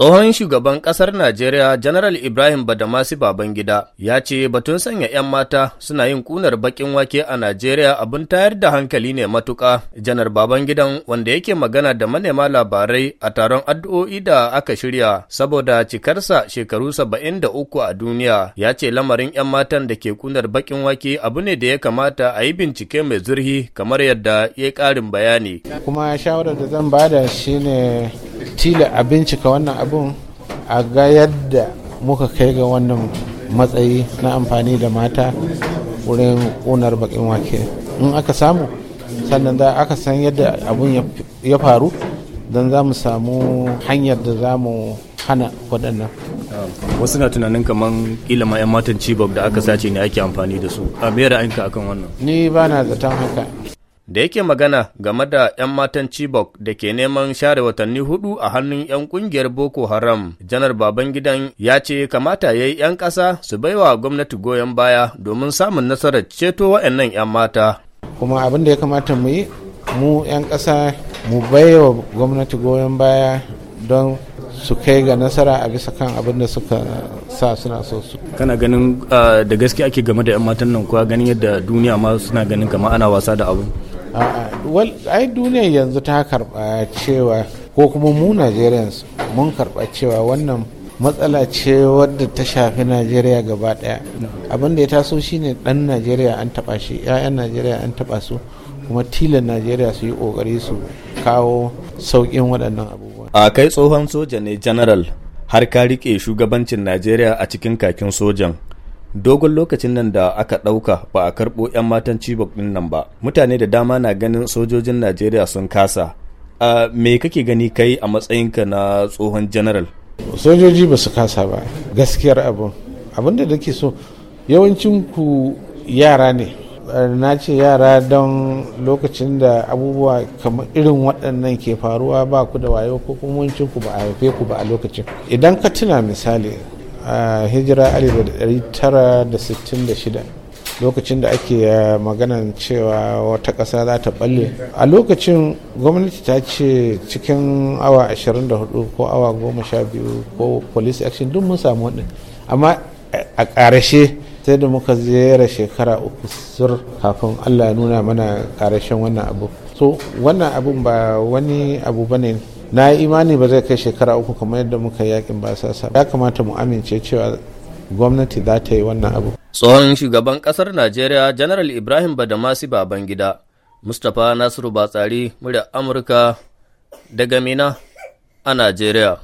Tsohon shugaban ƙasar Najeriya General Ibrahim Badamasi Babangida ya ce batun sanya 'yan mata suna yin kunar bakin wake a Najeriya abin tayar da hankali ne matuƙa. Janar Babangidan wanda yake magana da manema labarai a taron addu'o'i da aka shirya saboda cikarsa shekaru saba'in da uku a duniya ya ce lamarin 'yan matan da ke kunar baƙin wake abu ne da ya kamata a yi bincike mai zurfi kamar yadda ya ƙarin bayani. Kuma shawarar da zan bada shine tila a bincika wannan abun a ga yadda muka kai ga wannan matsayi na amfani da mata wurin ƙunar bakin wake in aka samu sannan da aka san yadda abun ya faru don za mu samu hanyar da za mu hana waɗannan wasu na tunanin kamar kila ma 'yan matan cibok da aka sace ne ake amfani da su a mera ra'ayinka akan wannan ni ba na zaton haka da yake magana game da 'yan matan Chibok da ke neman share watanni hudu a hannun 'yan kungiyar Boko Haram, Janar Babangidan ya ce kamata ya yi 'yan kasa su baiwa gwamnati goyon baya domin samun nasarar ceto wa'annan 'yan mata. Kuma abin da ya kamata mu yi, mu 'yan ƙasa mu baiwa gwamnati goyon baya don su kai ga nasara a bisa kan abin da suka sa suna so su. Kana ganin ah, da gaske ake game da 'yan matan nan kuwa ganin yadda duniya ma suna ganin kama ana wasa da abu. ai duniya yanzu ta karba cewa ko kuma mu nigerians mun karba cewa wannan matsala ce wadda ta shafi najeriya gaba daya abin da ya taso shine dan najeriya an taba shi 'ya'yan najeriya an taba su kuma tilan najeriya su yi kokari su kawo sauƙin waɗannan abubuwa a kai tsohon soja ne general har ka rike shugabancin najeriya a cikin kakin sojan dogon lokacin nan da aka ɗauka ba a karɓo 'yan matan cibok ɗin nan ba mutane da dama na ganin sojojin najeriya sun kasa a me kake gani kai a matsayinka na tsohon general sojoji ba su kasa ba gaskiyar abin abin da ke so yawancin ku yara ne na ce yara don lokacin da abubuwa kamar irin waɗannan ke faruwa ba ku da wayo ko kuma ku ba a haife ku ba a lokacin idan ka tuna misali a hijira 1966 lokacin da ake eh, magana cewa wata ƙasa za ta balle a lokacin gwamnati ta ce cikin awa 24 ko awa 12 ko police action duk mun samu wadda amma eh, a ƙarashe sai da muka ziyara shekara uku sur kafin allah nuna mana ƙarashen wannan abu so wannan abun ba wani abu bane na yi imani ba zai kai shekara uku kamar yadda muka yi yakin ba sasa ya kamata mu amince cewa gwamnati za ta yi wannan abu tsohon shugaban kasar najeriya janaral ibrahim badamasi babangida mustapha nasiru batsari murya amurka daga mina a najeriya